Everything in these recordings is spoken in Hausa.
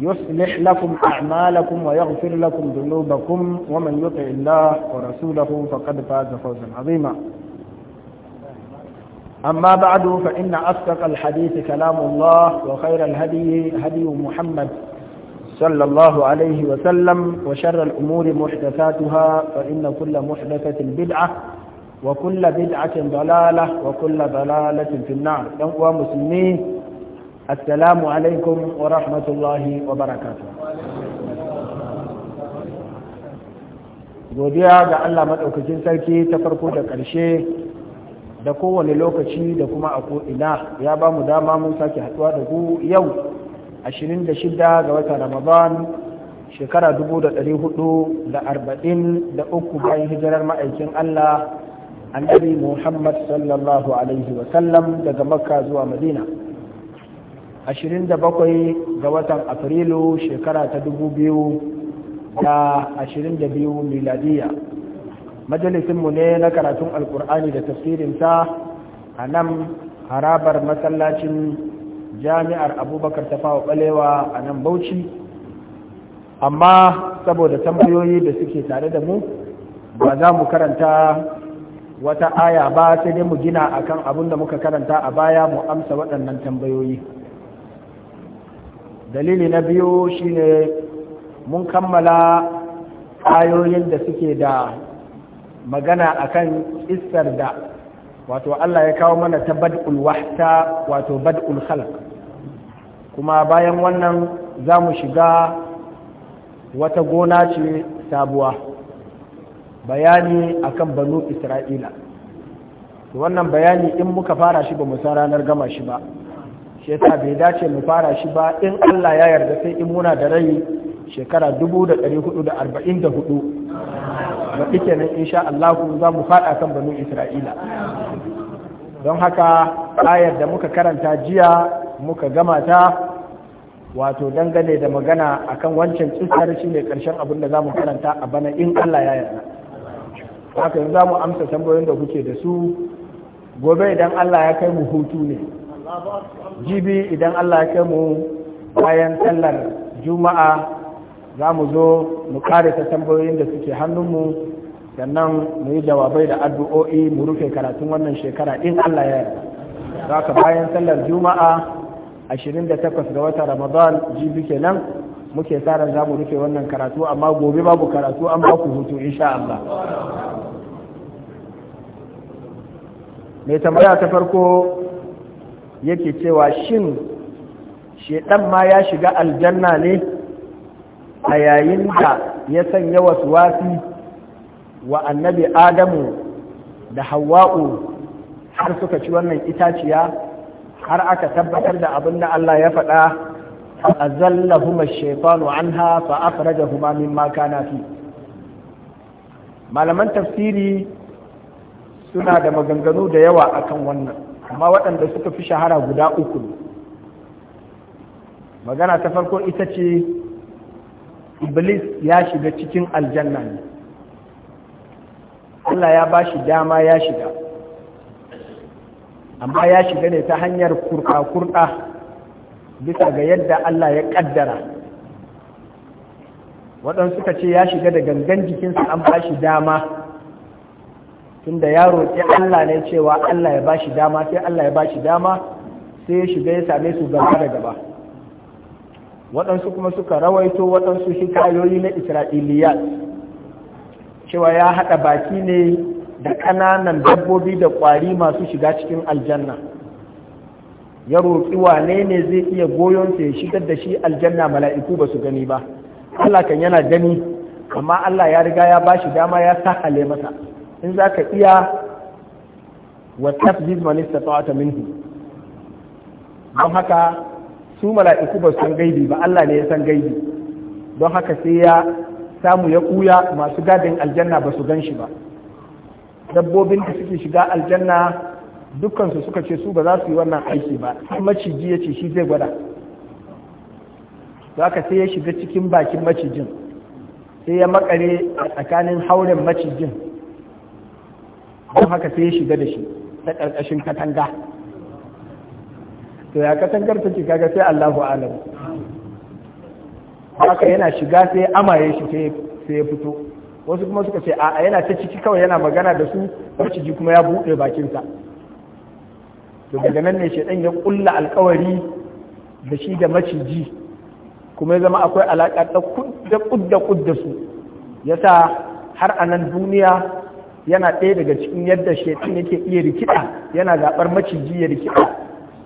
يصلح لكم أعمالكم ويغفر لكم ذنوبكم ومن يطع الله ورسوله فقد فاز فوزا عظيما أما بعد فإن أصدق الحديث كلام الله وخير الهدي هدي محمد صلى الله عليه وسلم وشر الأمور محدثاتها فإن كل محدثة بدعة وكل بدعة ضلالة وكل ضلالة في النار يوم مسلمين assalamu alaikum wa rahmatullahi wa godiya ga Allah maɗaukacin sarki ta farko da ƙarshe da kowane lokaci da kuma a ko'ina ya ba mu dama mun sake haɗuwa da ku yau 26 ga wata ramadan shekara 443 bayan hijirar ma'aikin Allah annabi Muhammad sallallahu alaihi wasallam daga makka zuwa madina bakwai ga watan afrilu shekara ta 2022 miladiya majalisinmu ne na karatun alkur'ani da tafsirinsa a nan harabar masallacin jami'ar abubakar ta tafawa balewa a nan bauchi amma saboda tambayoyi da suke tare da mu ba za mu karanta wata aya ba sai dai mu gina akan abin da muka karanta a baya mu amsa waɗannan tambayoyi dalili na biyu shine mun kammala ayoyin da suke da magana akan istar da wato Allah ya kawo mana ta bad'ul wahta wato bad'ul khalq kuma bayan wannan za mu shiga wata gona ce sabuwa bayani akan banu isra'ila wannan bayani in muka fara shi ba mu san ranar gama shi ba shi yasa bai dace mu fara shi ba in Allah ya yarda sai in muna da rai shekara 1444 baɗi nan insha Allah za mu faɗa kan banu Isra'ila don haka ayar da muka karanta jiya muka gama ta wato dangane da magana akan wancan tsisar shi ne karshen abin da za mu karanta a bana in Allah ya yarda haka yanzu za mu amsa tambayoyin da kuke da su gobe idan Allah ya kai mu hutu ne jibi idan Allah ya mu bayan sallar juma'a za mu zo mu kare ta tambayoyin da suke hannunmu sannan mu yi jawabai da addu'o'i mu rufe karatun wannan shekara in Allah ya yarda za ka bayan sallar juma'a 28 ga watan ramadan jibi kenan muke tsarin za mu rufe wannan karatu amma gobe babu karatu an ba ku hutu insha Allah mai tambaya ta farko yake cewa shin shedan ma ya shiga aljanna ne a yayin da ya sanya wasu wasi wa annabi adamu da hawa'u har suka ci wannan itaciya har aka tabbatar da abin da Allah ya faɗa a azallahuma shaytanu anha fa akhrajahuma maka na fi malaman tafsiri suna da maganganu da yawa akan wannan amma waɗanda suka fi shahara guda uku ne magana ta farko ita ce iblis ya shiga cikin aljanna ne Allah ya ba shi dama ya shiga amma ya shiga ne ta hanyar kurɗa-kurɗa bisa ga yadda Allah ya ƙaddara waɗansu suka ce ya shiga da gangan jikinsa an ba shi dama Tun da ya roƙi Allah ne cewa Allah ya bashi dama sai Allah ya bashi dama sai ya shiga ya same su gaba da gaba waɗansu kuma suka rawaito waɗansu hikayoyi na isra'iliya cewa ya haɗa baki ne da ƙananan dabbobi da ƙwari masu shiga cikin aljanna ya roƙi wane ne zai iya goyonsa ya shigar da shi aljanna mala'iku ba su gani ba Allah kan yana gani amma Allah ya riga ya ba shi dama ya sahale masa in za ka iya wa tafjiz man istata'ata minhu don haka su mala'iku ba san gaibi ba Allah ne ya san gaibi don haka sai ya samu ya kuya masu gadin aljanna ba su gan shi ba dabbobin da suke shiga aljanna dukkansu suka ce su ba za su yi wannan aiki ba sai maciji ya ce shi zai gwada to haka sai ya shiga cikin bakin macijin sai ya makare a tsakanin hauren macijin don haka sai ya shiga da shi ta ƙarƙashin katanga to ya katangar ta kaga sai Allahu alam haka yana shiga sai amaye shi sai ya fito wasu kuma suka ce a'a yana ta ciki kawai yana magana da su maciji kuma ya buɗe bakinsa to daga nan ne shaidan ya ƙulla alkawari da shi da maciji kuma ya zama akwai alaƙa da kudda kudda su yasa har a nan duniya yana ɗaya daga cikin yadda shaitan yake iya rikida yana zaɓar maciji ya rikida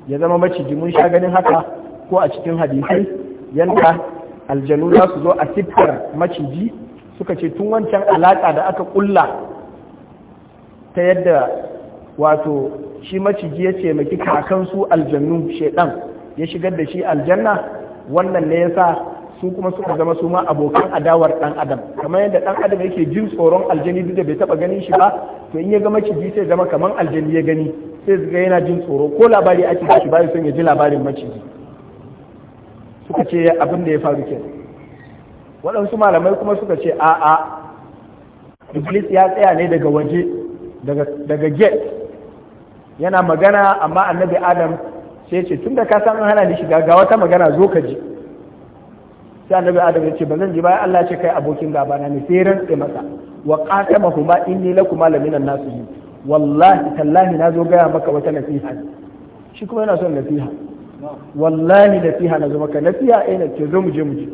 ya zama maciji mun sha ganin haka ko a cikin hadisai Yadda aljanu za su zo a siffar maciji suka ce tun wancan alaƙa da aka ƙulla ta yadda wato shi maciji ya ce maki kakansu aljannu shaidan ya shigar da shi aljanna wannan ne ya sa. su kuma suka zama su ma abokan adawar dan adam kamar yadda dan adam yake jin tsoron aljani duk da bai taba ganin shi ba to in ya ga maciji sai zama kamar aljani ya gani sai ga yana jin tsoro ko labari ake ba shi ba son ya ji labarin maciji suka ce abin da ya faru ke waɗansu malamai kuma suka ce a iblis ya tsaya ne daga waje daga gate yana magana amma annabi adam sai ce Tunda ka san an hana ni shiga ga wata magana zo ka ji sai annabi adam ya ce ba zan ji ba Allah ce kai abokin gaba na ne sai rantsa masa wa qatamahuma inni lakuma laminan yi wallahi tallahi na zo gaya maka wata nasiha shi kuma yana son nasiha wallahi nasiha na zo maka nasiha eh na ce zo mu je mu je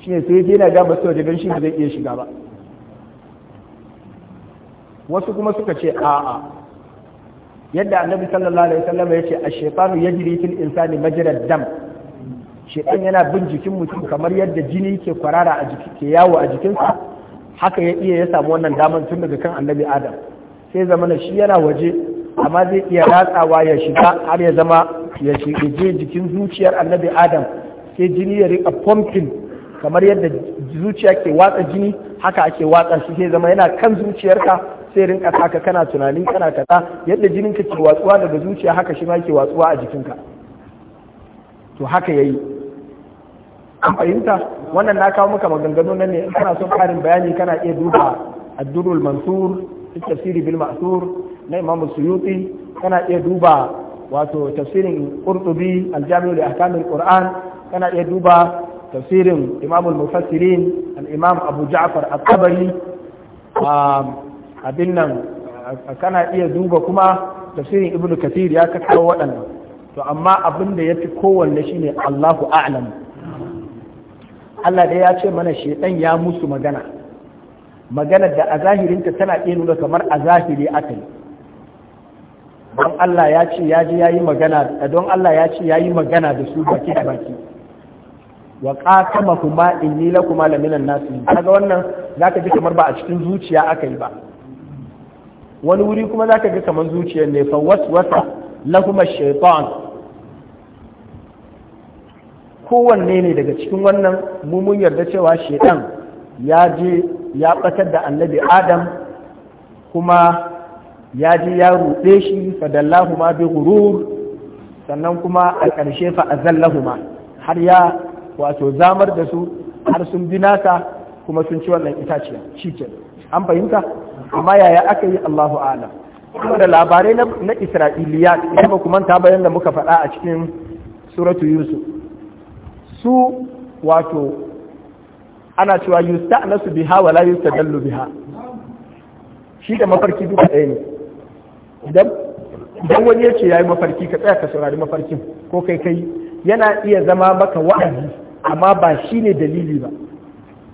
shi ne sai yana ga ba su waje don shi ba zai iya shiga ba wasu kuma suka ce a'a yadda annabi sallallahu alaihi wasallam ya ce ash-shaytanu yajri fil insani majra dam shedan yana bin jikin mutum kamar yadda jini ke kwarara a jiki ke yawo a jikinsa haka ya iya ya samu wannan daman tun daga kan annabi adam sai na shi yana waje amma zai iya ratsawa ya shiga har ya zama ya shige jikin zuciyar annabi adam sai jini ya rika pumping kamar yadda zuciya ke watsa jini haka ake watsa shi sai zama yana kan zuciyarka sai rinka taka kana tunanin kana kaza yadda jinin ka ke watsuwa daga zuciya haka shi ma ke watsuwa a jikinka to haka yayi an fahimta wannan na kawo maka maganganu nan ne in kana son karin bayani kana iya duba addurul mansur tafsiri bil ma'sur na imam suyuti kana iya duba wato tafsirin qurtubi al-jami' li ahkamil qur'an kana iya duba tafsirin imamul mufassirin al-imam abu ja'far at-tabari abin nan kana iya duba kuma tafsirin ibnu kathir ya kawo waɗannan to amma abin da yafi kowanne shine Allahu a'lam Allah dai ya ce mana shedan ya musu magana magana da a zahirinta tana iya nuna kamar a zahiri aka yi don Allah ya ce ya ji yayi magana don Allah ya ce yayi magana da su baki da baki wa qatama kuma inni lakuma laminan nasi kaga wannan zaka ji kamar ba a cikin zuciya aka yi ba wani wuri kuma zaka ji kamar zuciyar ne fa waswasa lahumash ash-shaytan kowanne ne daga cikin wannan mun yarda cewa shaidan ya je ya ɓatar da annabi adam kuma ya je ya ruɗe shi fadallahu ma bi gurur sannan kuma a ƙarshe fa azallahu ma har ya wato zamar da su har sun bi nasa kuma sun ci wannan itaciya shi ke an fahimta amma yaya aka yi Allahu a'lam kuma da labarai na Isra'iliya kuma kuma ta bayan da muka faɗa a cikin suratu Yusuf su wato ana cewa yusta su biha wala yusta dallu biha shi da mafarki duka ɗaya ne idan wani ya ce ya yi mafarki ka tsaya ka saurari mafarkin ko kai kai yana iya zama maka wa'azi amma ba shi ne dalili ba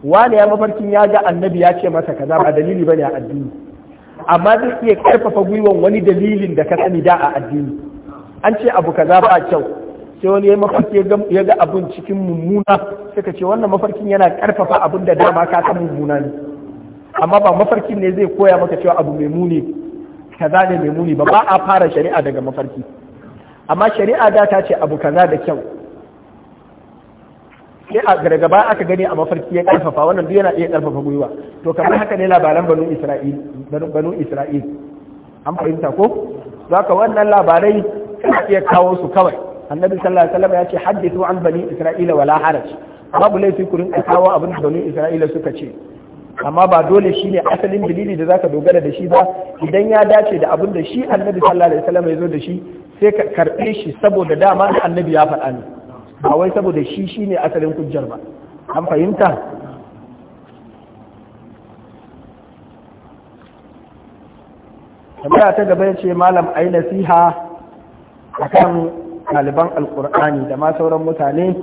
wani ya mafarkin ya ga annabi ya ce masa kaza ba dalili ba ne a addini amma zai iya karfafa gwiwan wani dalilin da ka sani da a addini an ce abu kaza ba kyau sai wani yayi mafarki ya ga abin cikin mummuna suka ce wannan mafarkin yana karfafa abin da dama ka san mummuna ne amma ba mafarkin ne zai koya maka cewa abu mai muni kaza ne mai muni ba ba a fara shari'a daga mafarki amma shari'a da ta ce abu kaza da kyau sai a gargaba aka gani a mafarki ya karfafa wannan duk yana iya karfafa gwiwa to kamar haka ne labaran banu isra'il banu isra'il an fahimta ko zaka wannan labarai kana iya kawo su kawai annabi sallallahu alaihi wasallam ya ce haddithu an bani isra'ila wala haraj babu laifi kurin rinka kawo abin da bani isra'ila suka ce amma ba dole shine asalin dalili da zaka dogara da shi ba idan ya dace da abin da shi annabi sallallahu alaihi wasallam ya zo da shi sai ka karbe shi saboda dama annabi ya faɗa ne ba wai saboda shi shine asalin hujjar ba an fahimta tambaya ta gaba ya ce malam ai nasiha akan ɗaliban alƙur'ani da ma sauran mutane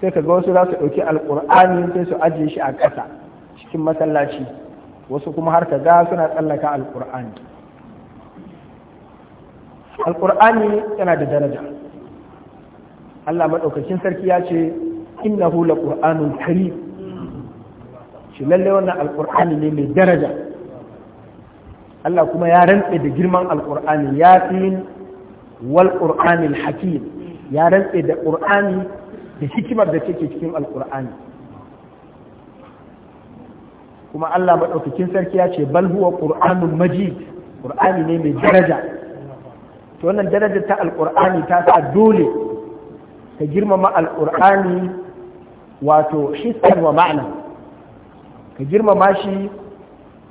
sai ka ga wasu za su ɗauki alƙur'ani sai su ajiye shi a ƙasa cikin masallaci wasu kuma har ka ga suna tsallaka alƙur'ani alƙur'ani yana da daraja Allah maɗaukakin sarki ya ce hula hula kari shi lalle wannan alƙur'ani ne mai daraja Allah kuma ya rantse da girman alƙur'ani ya fi wal qur'anil hakim ya rantse da qur'ani da hikimar da take cikin alqur'ani kuma Allah madaukakin sarki ya ce bal qur'anun majid qur'ani ne mai daraja to daraja ta alqur'ani ta sa dole ka girmama alqur'ani wato hissan ma'ana ka girmama shi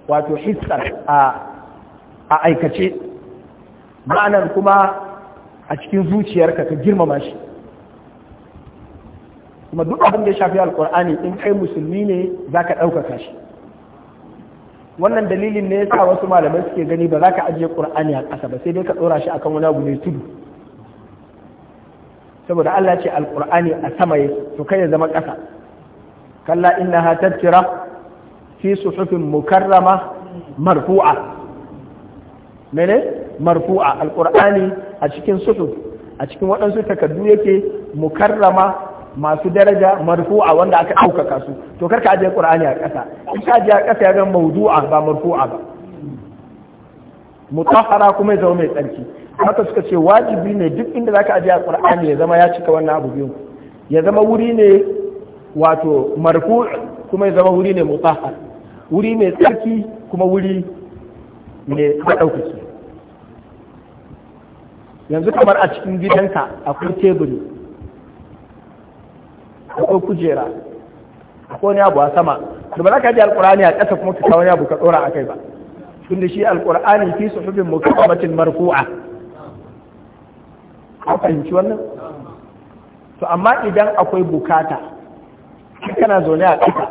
wato hisar a aikace ma'anar kuma a cikin zuciyarka ka girmama shi kuma duk abin da ya shafi alkur'ani in kai musulmi ne za ka ɗaukaka shi wannan dalilin ne ya sa wasu malamai suke gani ba za ka ajiye ƙur'ani a ƙasa ba sai dai ka ɗora shi akan wani abu mai tudu saboda Allah ce alkur'ani a sama yake to kai ya zama ƙasa kalla innaha tadkira fi suhufin mukarrama marfu'a mene marfu'a alqur'ani a cikin sutu a cikin waɗansu takardu yake mukarrama masu daraja marfu'a wanda aka ɗaukaka su to kar ka ajiye qur'ani a ƙasa in ka ajiye a ƙasa ya ga mawdu'a ba marfu'a ba mutahara kuma ya zama mai tsarki haka suka ce wajibi ne duk inda zaka ajiye qur'ani ya zama ya cika wannan abu biyu ya zama wuri ne wato marfu kuma ya zama wuri ne mutahhar wuri mai tsarki kuma wuri mai ɗaukaki yanzu kamar a cikin gidanka akwai teburi akwai kujera akwai wani abu a sama da ba za ka ji alkur'ani a ƙasa kuma ka kawo wani abu ka ɗora a kai ba tun da shi alkur'ani fi su suhufin mukaddamatin marfu'a ka fahimci wannan to amma idan akwai bukata kana zaune a ƙasa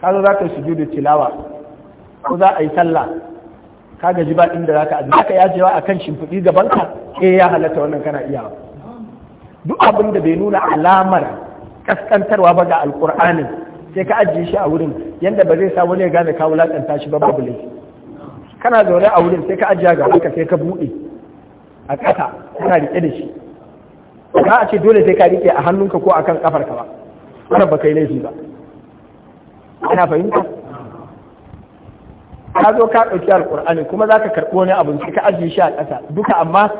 ka zo za ka sujudu tilawa ko za a yi sallah ka gaji ba inda za ka ajiye ka yajewa a kan shimfiɗi gaban ka eh ya halatta wannan kana iyawa duk abin da bai nuna alamar kaskantarwa ba ga alƙur'anin sai ka ajiye shi a wurin yadda ba zai sa wani ya gane ka wulaƙanta shi ba babu laifi kana zaune a wurin sai ka ajiya ga ka sai ka buɗe a ƙasa kana riƙe da shi za a ce dole sai ka riƙe a hannunka ko akan ƙafarka ba wannan ba kai laifi ba ana fahimta ka zo ka ɗauki alƙur'ani kuma za ka karɓi wani abin ka ajiye shi a ƙasa duka amma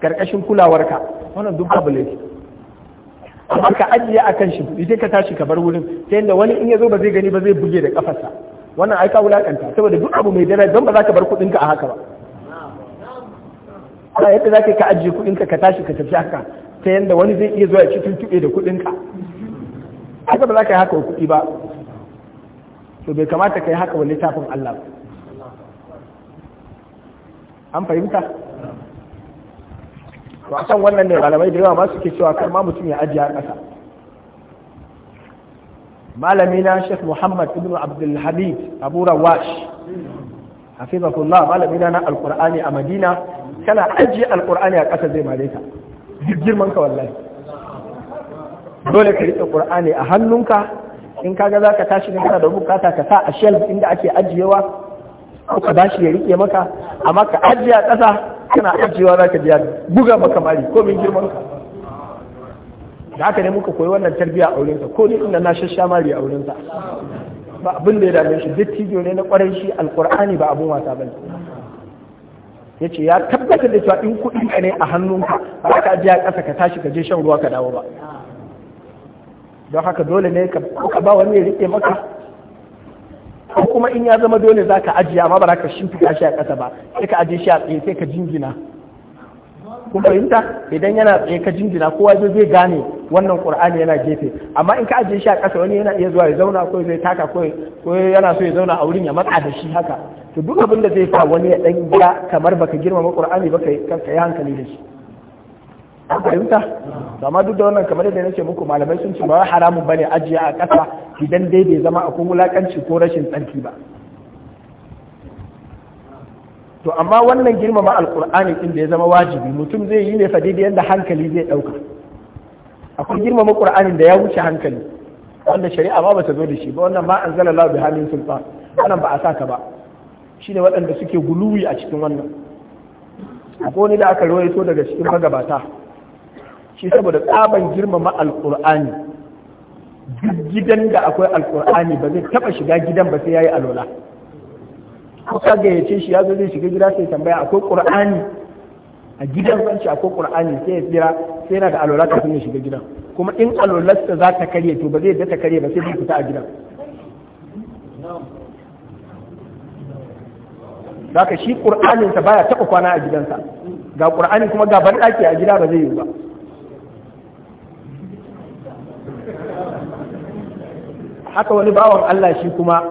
karkashin kulawarka wannan duk abu ne amma ka ajiye a kan shi idan ka tashi ka bar wurin ta yadda wani in ya zo ba zai gani ba zai buge da ƙafarsa wannan ai ka wulaƙanta saboda duk abu mai daraja don ba za ka bar kuɗinka a haka ba ba yadda za ka ajiye kuɗinka ka tashi ka tafi haka ta yadda wani zai iya zuwa cikin tuɓe da kuɗinka haka ba za ka yi haka wa kuɗi ba to bai kamata ka yi haka wa littafin Allah ba an fahimta to a wannan ne malamai da yawa ma ke cewa kar ma mutum ya ajiye a ƙasa malami na Sheikh Muhammad ibn Abdul Hamid Abu Rawash hafizahullah malami na alqur'ani a Madina kana ajiye alqur'ani a ƙasa zai mare ka girman ka wallahi dole ka riƙe qur'ani a hannunka in kaga zaka tashi ne kana da bukata ka sa a shelf inda ake ajiyewa ko ka bashi ya rike maka amma ka ajiya ƙasa kana ajiyewa za ka biya buga maka mari ko min girman ka da haka ne muka koyi wannan tarbiyya a wurinsa ko ni inda na shasha mari a wurinsa ba abin da ya dame shi duk tijo ne na ƙwarai shi alkur'ani ba abin wasa bane ya ce ya tabbatar da cewa in kuɗin ka ne a hannunka ba ka ajiya ƙasa ka tashi ka je shan ruwa ka dawo ba don haka dole ne ka ba wani ya riƙe maka ko kuma in ya zama dole za ka ajiye amma ba za ka shimfiɗa shi a ƙasa ba sai ka ajiye shi a tsaye sai ka jingina kun fahimta idan yana tsaye ka jingina kowa zai zai gane wannan qur'ani yana gefe amma in ka ajiye shi a ƙasa wani yana iya zuwa ya zauna ko zai taka ko yana so ya zauna a wurin ya matsa da shi haka to duk abin da zai sa wani ya dan ga kamar baka girmama qur'ani ba ka yi hankali da shi kun fahimta amma duk da wannan kamar yadda nace muku malamai sun ce ba haramun bane ajiye a ƙasa idan dai bai zama akwai wulakanci ko rashin tsarki ba to amma wannan girmama alkur'ani din da ya zama wajibi mutum zai yi ne fa daidai yadda hankali zai ɗauka. akwai girmama qur'anin da ya wuce hankali wanda shari'a ma bata zo da shi ba wannan ma anzalallahu halin sultan wannan ba a saka ba shine waɗanda suke guluwi a cikin wannan akwai wani da aka rawaito daga cikin magabata shi saboda tsaban girmama alkur'ani duk gidan da akwai alkur'ani ba zai taba shiga gidan ba sai yayi alola kuka ga yace shi zo zai shiga gida sai tambaya akwai qur'ani a gidan sanci akwai qur'ani sai ya tsira sai yana da alola kafin ya shiga gidan kuma in alolarsa za ta karye to ba zai da ta karye ba sai zai fita a gidan zaka shi qur'aninsa baya taba kwana a gidansa ga qur'ani kuma ga ban a gida ba zai yi ba haka wani bawan Allah shi kuma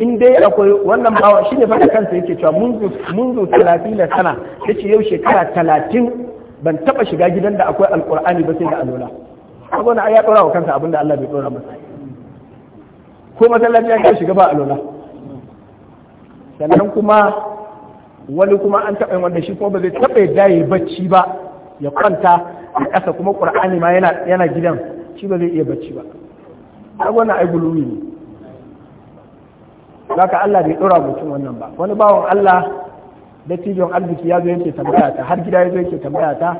in dai akwai wannan bawa shi ne fata kansa yake cewa zo talatin da sana ya ce yau shekara talatin ban taba shiga gidan da akwai alkur'ani ba sai da alola kaga ya dora wa kansa abinda Allah bai dora masa ko masallaci ya shiga ba alola sannan kuma wani kuma an taɓa wanda shi kuma ba zai taɓa yadda ya bacci ba ya kwanta a ƙasa kuma ƙur'ani ma yana gidan shi ba zai iya bacci ba har wannan ai guluwi ne ka Allah bai dora mutum wannan ba wani bawan Allah dattijon arziki ya zo yake tambaya ta har gida ya zo yake tambaya ta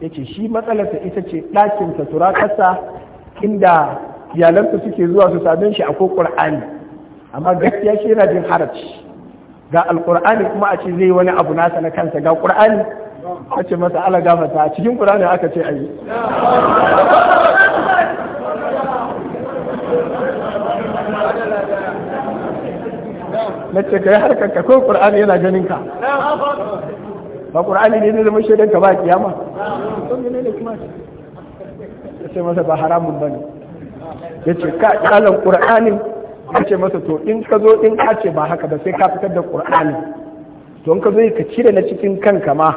yace shi matsalarsa ita ce ɗakin sa ƙasa, inda iyalansa suke zuwa su sabon shi a ko ƙur'ani amma gaskiya shi yana jin haraci ga Alƙur'ani kuma a ce zai wani abu nasa na kansa ga ƙur'ani. a ce masa ala gafata cikin ƙur'ani aka ce ayi na ce ka yi harkar ka ko ƙur'ani yana ganin ka ba ƙur'ani ne zai zama shaidan ka ba kiyama to ya ce masa ba haramun bane ya ce ka ƙalan ƙur'anin ya ce masa to in ka zo in ka ce ba haka ba sai ka fitar da to in ka zo ka cire na cikin kanka ma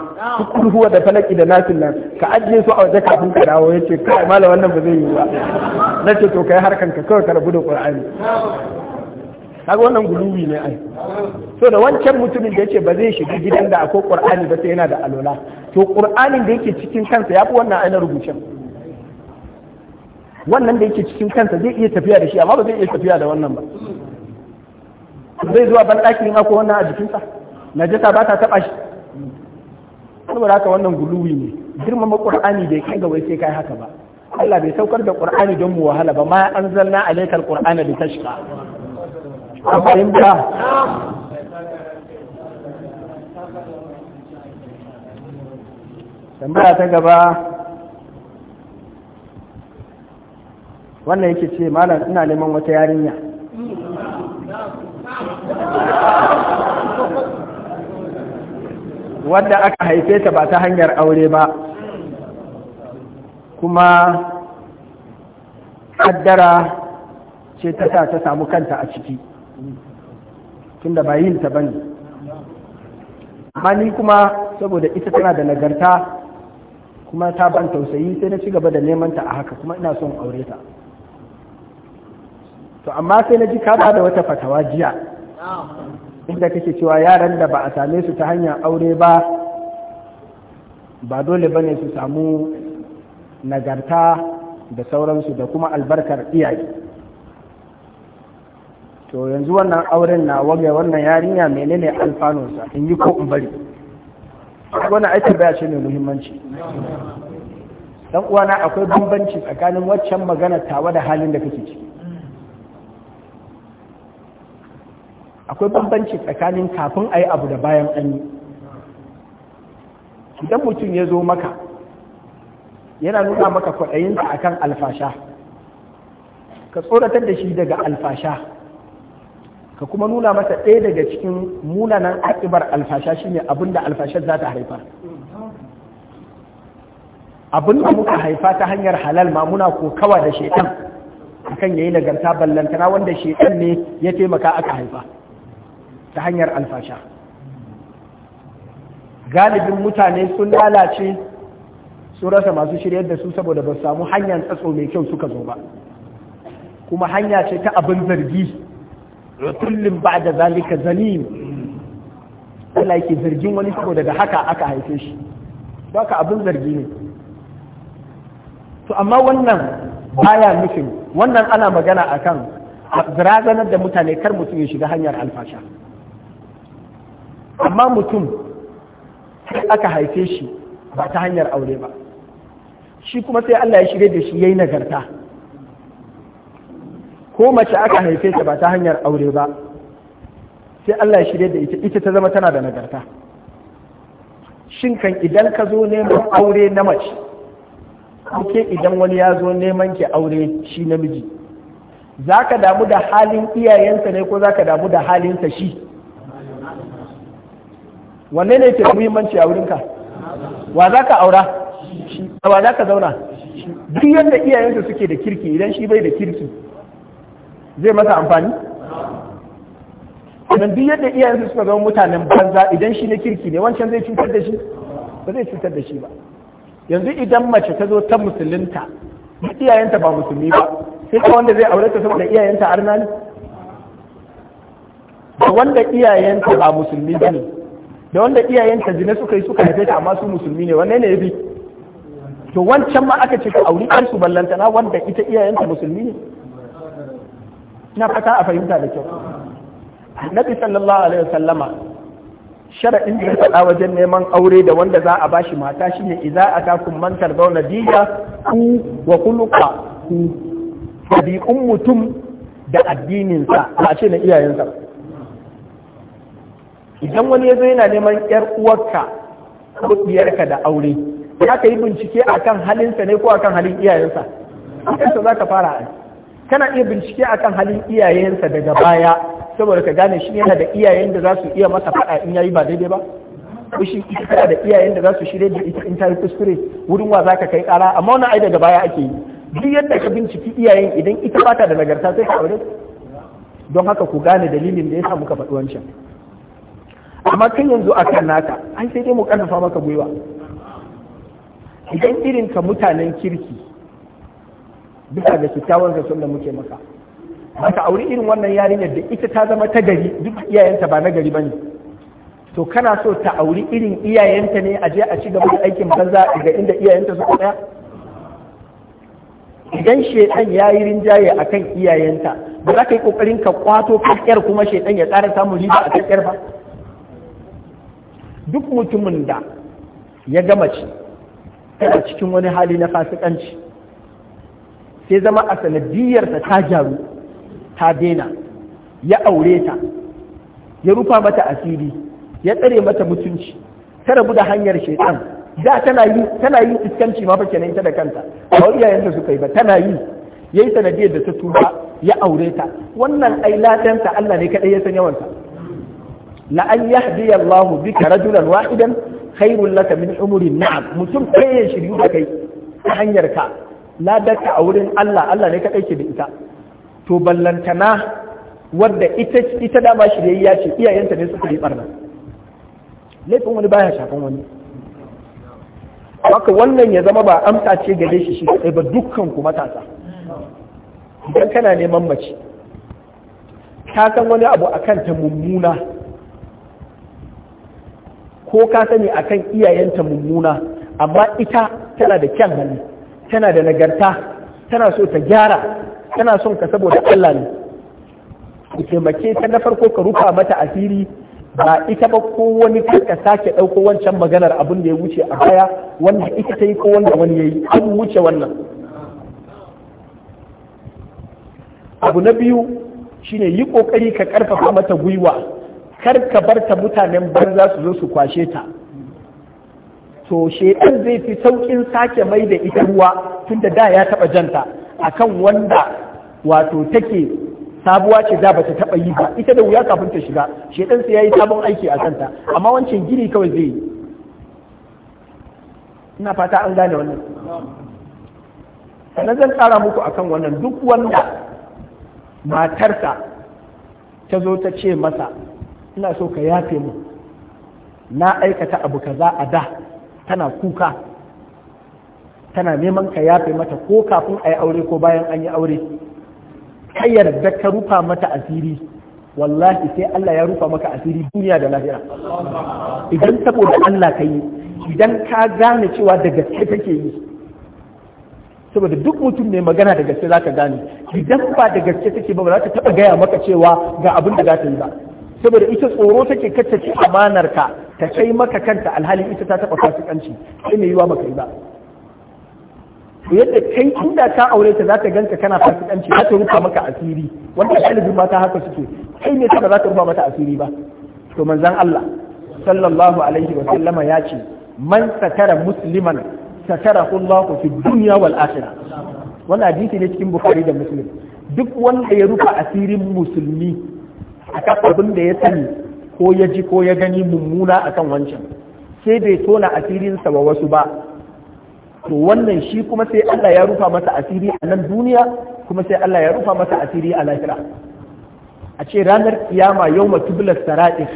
duk huwa da falaki da nasin nan ka ajiye su a waje kafin ka dawo yace kai malam wannan ba zai yi ba nace to kai harkar ka kawai ka rabu da qur'ani kaga wannan guluwi ne ai so da wancan mutumin da yake ba zai shiga gidan da akwai qur'ani ba sai yana da alola to qur'anin da yake cikin kansa yafi wannan ainihin rubucin wannan da yake cikin kansa zai iya tafiya da shi amma ba zai iya tafiya da wannan ba zai zuwa ban daki in akwai wannan a jikinsa najasa ba ta taɓa shi saboda haka wannan guluwi ne girmama qur'ani bai kai ga wai sai kai haka ba Allah bai saukar da qur'ani don mu wahala ba ma anzalna alaikal qur'ana tashqa a fahimta tambaya ta gaba wannan yake ce malam ina neman wata yarinya wadda aka haife ta ba ta hanyar aure ba kuma kaddara ce ta sa ta samu kanta a ciki tunda ba yin ta bane amma ni kuma saboda ita tana da nagarta kuma ta ban tausayi sai na ci gaba da neman ta a haka kuma ina son aure ta to amma sai na ji ka da wata fatawa jiya inda kake cewa yaran da ba a same su ta hanyar aure ba ba dole bane su samu nagarta da sauransu da kuma albarkar iyaye to yanzu wannan auren na waga wannan yarinya menene alfanunsa in yi ko in bari wannan aiki baya ce mai muhimmanci dan uwana akwai bambanci tsakanin waccan magana tawa da halin da kake ciki akwai bambanci tsakanin kafin ayi abu da bayan an yi idan mutum ya zo maka yana nuna maka kwaɗayinsa akan alfasha ka tsoratar da shi daga alfasha ka kuma nuna masa ɗaya daga cikin munanan akibar alfasha shine abin da alfashar za ta haifa abin da muka haifa ta hanyar halal ma muna kokawa da shekan akan yayi nagarta ballantana wanda shekan ne ya taimaka aka haifa ta hanyar alfasha galibin mutane sun lalace sun rasa masu shirya da su saboda ba samu hanyar tsatso mai kyau suka zo ba kuma hanya ce ta abin zargi kullum ba da zalika zalim Allah yake zargin wani saboda daga haka aka haife shi haka abin zargi ne to amma wannan baya nufin wannan ana magana a kan zirazanar da mutane kar mutum ya shiga hanyar alfasha amma mutum sai aka haife shi ba ta hanyar aure ba shi kuma sai Allah ya shirya da shi ya yi nagarta ko mace aka haife ta ba ta hanyar aure ba sai Allah ya shirye da ita ita ta zama tana da nagarta shin kan idan ka zo neman aure na mace ke idan wani ya zo neman ki aure shi namiji za ka damu da halin iyayensa ne ko za ka damu da halinsa shi wanne ne ke muhimmanci a wurinka wa za ka aura wa za ka zauna duk yadda iyayensa suke da kirki idan shi bai da kirki zai masa amfani idan duk yadda iyayensu suka zama mutanen banza idan shi na kirki ne wancan zai cutar da shi ba zai cutar da shi ba yanzu idan mace ta zo ta musulunta iyayenta ba musulmi ba sai ka wanda zai aure ta saboda iyayenta arna ne da wanda iyayenta ba musulmi ba ne da wanda iyayenta zina suka yi suka haife ta amma su musulmi ne wanne ne bi? to wancan ma aka ce ka auri ƙarsu ballantana wanda ita iyayenta musulmi ne na fata a fahimta da kyau annabi sallallahu alaihi wasallama sharaɗin da faɗa wajen neman aure da wanda za a bashi mata shine idza atakum man tardawna diya ku wa kuluka ku tabi'un mutum da addininsa a ce na iyayensa idan wani ya zo yana neman yar uwarka ko diyarka da aure ya ka yi bincike akan halinsa ne ko akan halin iyayensa sa za ka fara a kana iya bincike akan halin iyayensa daga baya saboda ka gane shi yana da iyayen da za su iya masa faɗa in yayi ba daidai ba ko shi kana da iyayen da za su shirye da ita in ta yi kuskure wurin wa ka kai kara amma wannan ai daga baya ake yi duk yadda ka binciki iyayen idan ita bata da nagarta sai ka aure don haka ku gane dalilin da ya sa muka faɗi wancan amma kan yanzu akan naka an sai dai mu karfafa maka gwiwa idan irin ka mutanen kirki bisa da kyakkyawan zaton da muke maka maka auri irin wannan yarinyar da ita ta zama ta gari duk iyayenta ba na gari bane to kana so ta auri irin iyayenta ne a je a ci gaba da aikin banza daga inda iyayenta suka tsaya idan shedan ya yi rinjaye a kan iyayenta ba za ka yi kokarin ka kwato kakkiyar kuma shedan ya tsara samun riba a kakkiyar ba duk mutumin da ya gama ci tana cikin wani hali na fasikanci sai zama a sanadiyarsa ta jaru ta daina ya aure ta ya rufa mata asiri ya tsare mata mutunci ta rabu da hanyar shaitan da tana yi tana yi iskanci ma fa da kanta ba iyayenta suka yi ba tana yi yayi sanadiyar da ta tufa ya aure ta wannan ai latanta Allah ne kadai ya san yawansa la an yahdi Allahu bika rajulan wahidan khairul laka min umri na'am mutum kai ya shiryu da kai hanyar ka ladarka a wurin Allah Allah ne kaɗai ke da ita to ballantana wadda ita ita dama shiryayya ce iyayenta ne suka yi barna laifin wani baya shafan wani haka wannan ya zama ba amsa ce gare shi shi kaɗai ba dukkan ku matasa idan kana neman mace ka san wani abu akan ta mummuna ko ka sani akan iyayenta mummuna amma ita tana da kyan hali. tana da nagarta tana so ta gyara tana son ka saboda Allah ne ku taimake ta na farko ka rufa mata asiri ba ita ba ko wani ka sake ɗauko wancan maganar abin da ya wuce a baya wanda ita ta yi ko wanda wani ya yi an wuce wannan abu na biyu shine yi ƙoƙari ka ƙarfafa mata gwiwa kar ka bar ta mutanen za su zo su kwashe ta to shedan zai fi saukin sake mai da ita ruwa tunda da ya taba janta akan wanda wato take sabuwa ce da bata taba yi ba ita da wuya kafin ta shiga shedan sai yayi sabon aiki a kanta amma wancan gini kawai zai ina fata an gane wannan sannan zan tsara muku akan wannan duk wanda matarsa ta zo ta ce masa ina so ka yafe mu na aikata abu kaza a da tana kuka tana neman ka yafe mata ko kafin a yi aure ko bayan an yi aure ka yarda ka rufa mata asiri wallahi sai Allah ya rufa maka asiri duniya da lahira idan saboda Allah ka yi idan ka gane cewa da gaske kake yi saboda duk mutum mai magana da gaske za ka gane idan ba da gaske take ba za ta taba gaya maka cewa ga abin da za ta yi ba saboda ita tsoro take kacce ka. ta kai maka kanta alhali ita ta taɓa fasikanci sai mai yiwa maka yi ba yadda kai inda ka aure ta za ta ganka kana fasikanci za ta rufa maka asiri wanda ɗalibin mata haka suke kai ne ta za ta rufa mata asiri ba to manzon Allah sallallahu alaihi wa sallama ya ce man satara musliman satarahu Allah fi dunya wal akhirah wannan hadisi ne cikin bukhari da muslim duk wanda ya rufa asirin musulmi a abin da ya sani ko ya ji ko ya gani mummuna akan wancan sai bai tona asirinsa ba wasu ba to wannan shi kuma sai Allah ya rufa masa asiri a nan duniya kuma sai Allah ya rufa masa asiri a lahira a ce ranar kiyama yau matubular sara'is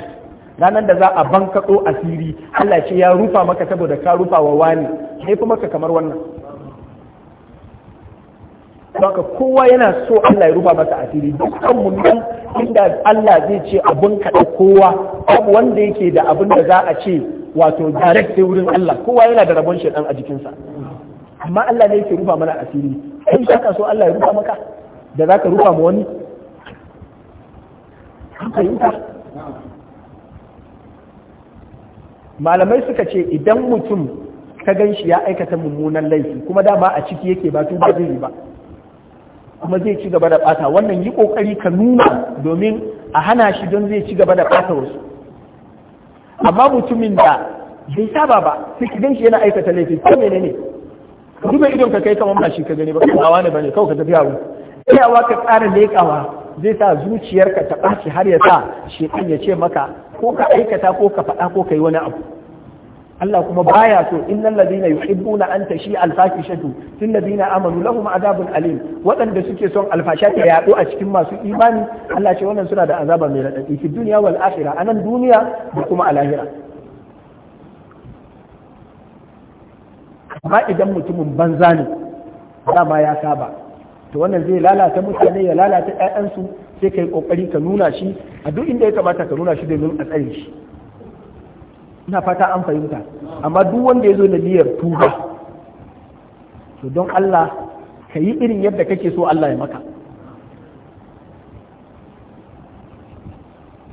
ranar da za a bankaɗo asiri Allah ce ya rufa maka saboda ka rufa wa wani sai kuma ka kamar wannan baka kowa yana so Allah ya rufa masa asiri dukkan mu nan inda Allah zai ce abun kada kowa abu wanda yake da abun da za a ce wato direct sai wurin Allah kowa yana da rabon shedan a jikinsa amma Allah ne yake rufa mana asiri in ka so Allah ya rufa maka da zaka rufa ma wani fahimta malamai suka ce idan mutum ka gan shi ya aikata mummunan laifi kuma dama a ciki yake ba tun ba zai ba kuma zai ci gaba da bata wannan yi kokari ka nuna domin a hana shi don zai ci gaba da bata wasu amma mutumin da bai saba ba sai ki shi yana aikata laifi ko ne? duba idon ka kai kamar ba ka gani ba ne bane kawai ka tafi hawo tsayawa ka tsara lekawa zai sa zuciyarka ta ɓaci har ya sa shekan ya ce maka ko ka aikata ko ka faɗa ko ka yi wani abu Allah kuma baya so innal ladina yuhibbuna an tashi alfahishatu fil ladina amanu lahum adabun alim waɗanda suke son alfasha ta yadu a cikin masu imani Allah ce wannan suna da azaba mai radadi fi dunya wal akhirah anan duniya da kuma a lahira amma idan mutumin banza ne dama ya saba to wannan zai lalata mutane ya lalata ƴaƴansu sai kai kokari ka nuna shi a duk inda ya kamata ka nuna shi domin a tsare shi ina fata an fahimta amma duk wanda ya zo da niyyar tuba to don Allah ka yi irin yadda kake so Allah ya maka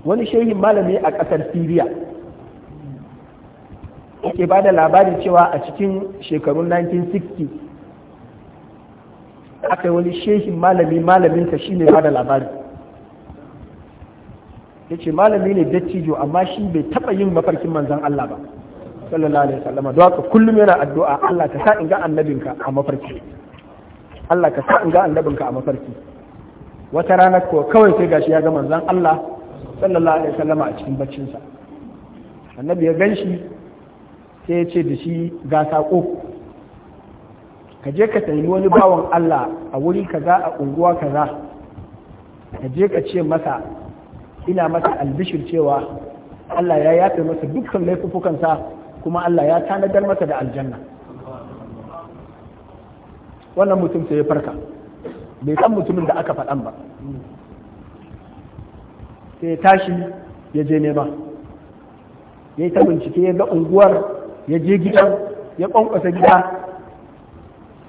wani shehin malami a kasar Siriya yake ba da labarin cewa a cikin shekarun 1960 aka yi wani shehin malami malaminsa shine ba da labari. ya ce malami ne dattijo amma shi bai taɓa yin mafarkin manzan Allah ba sallallahu alaihi wasallam don haka kullum yana addu'a Allah ka sa in ga annabinka a mafarki Allah ka sa in ga annabinka a mafarki wata rana ko kawai sai gashi ya ga manzan Allah sallallahu alaihi wasallam a cikin baccinsa annabi ya ganshi sai ya ce da shi ga sako ka je ka tsayi wani bawan Allah a wuri kaza a unguwa kaza ka je ka ce masa ina masa albishir cewa Allah ya yafe masa dukkan sa kuma Allah ya tanadar masa da aljanna wannan mutum sai ya farka bai san mutumin da aka faɗan ba sai ya tashi ya je nema ya yi ta bincike ya ga unguwar ya je gidan ya ƙwanƙwasa gida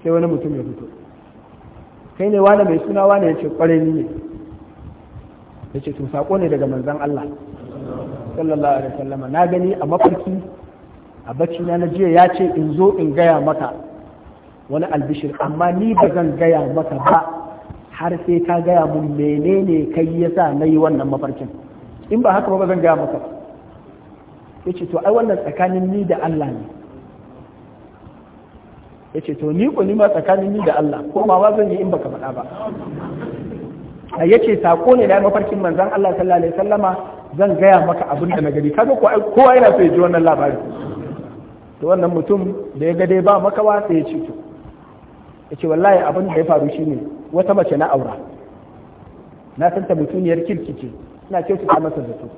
sai wani mutum ya fito kai ne wane mai suna wane ya ce ƙwarai ne ya ce to saƙo ne daga manzan Allah sallallahu alaihi wasallama na gani a mafarki a bacci na jiya ya ce in zo in gaya maka wani albishir amma ni ba zan gaya maka ba har sai ka gaya mun menene kai yasa na yi wannan mafarkin in ba haka ba zan gaya maka ya ce to ai wannan tsakanin ni da Allah ne ya ce to ni ko ni ma tsakanin ni da Allah komawa zan yi in baka faɗa ba a ce sako ne na mafarkin manzan Allah sallallahu alaihi wasallama zan gaya maka abin da na gani ko kowa yana so ya ji wannan labari to wannan mutum da ya ga dai ba makawa sai ya ce ya ce wallahi abin da ya faru shine wata mace na aura na san ta mutuniyar kirki ce ina ce su ta masa zato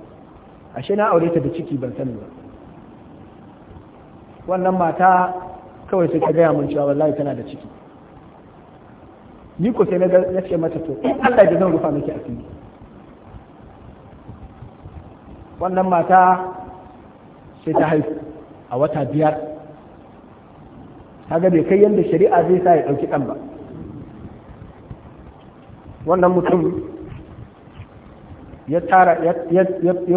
ashe na aure ta da ciki ban sani ba wannan mata kawai sai ta gaya mun cewa wallahi tana da ciki ni ko sai na ce mata to in Allah ya zan rufa miki asiri wannan mata sai ta haihu a wata biyar kaga bai kai yadda shari'a zai sa ya ɗauki kan ba wannan mutum ya tara ya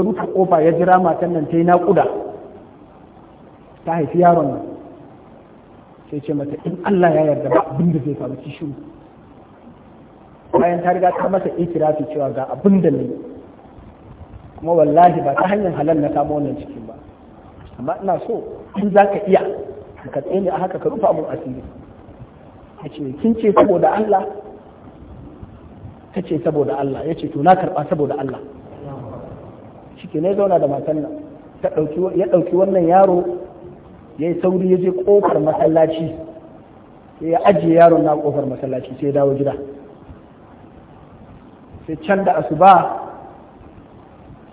rufe kofa ya jira matan nan ta yi naƙuda ta haifi yaron nan sai ce mata in Allah ya yarda ba abin da zai faru ki shiru bayan ta riga ta masa ikirafi cewa ga abin da ne kuma wallahi ba ta hanyar halal na kama wannan ciki ba amma ina so in za ka iya ka tsaye ne a haka ka rufa abin asiri ta ce kin ce saboda Allah ta ce saboda Allah ya ce to na karɓa saboda Allah shi ne zauna da matan nan ya ɗauki wannan yaro ya yi sauri ya je ƙofar masallaci sai ya ajiye yaron na ƙofar masallaci sai ya dawo gida sai can da asuba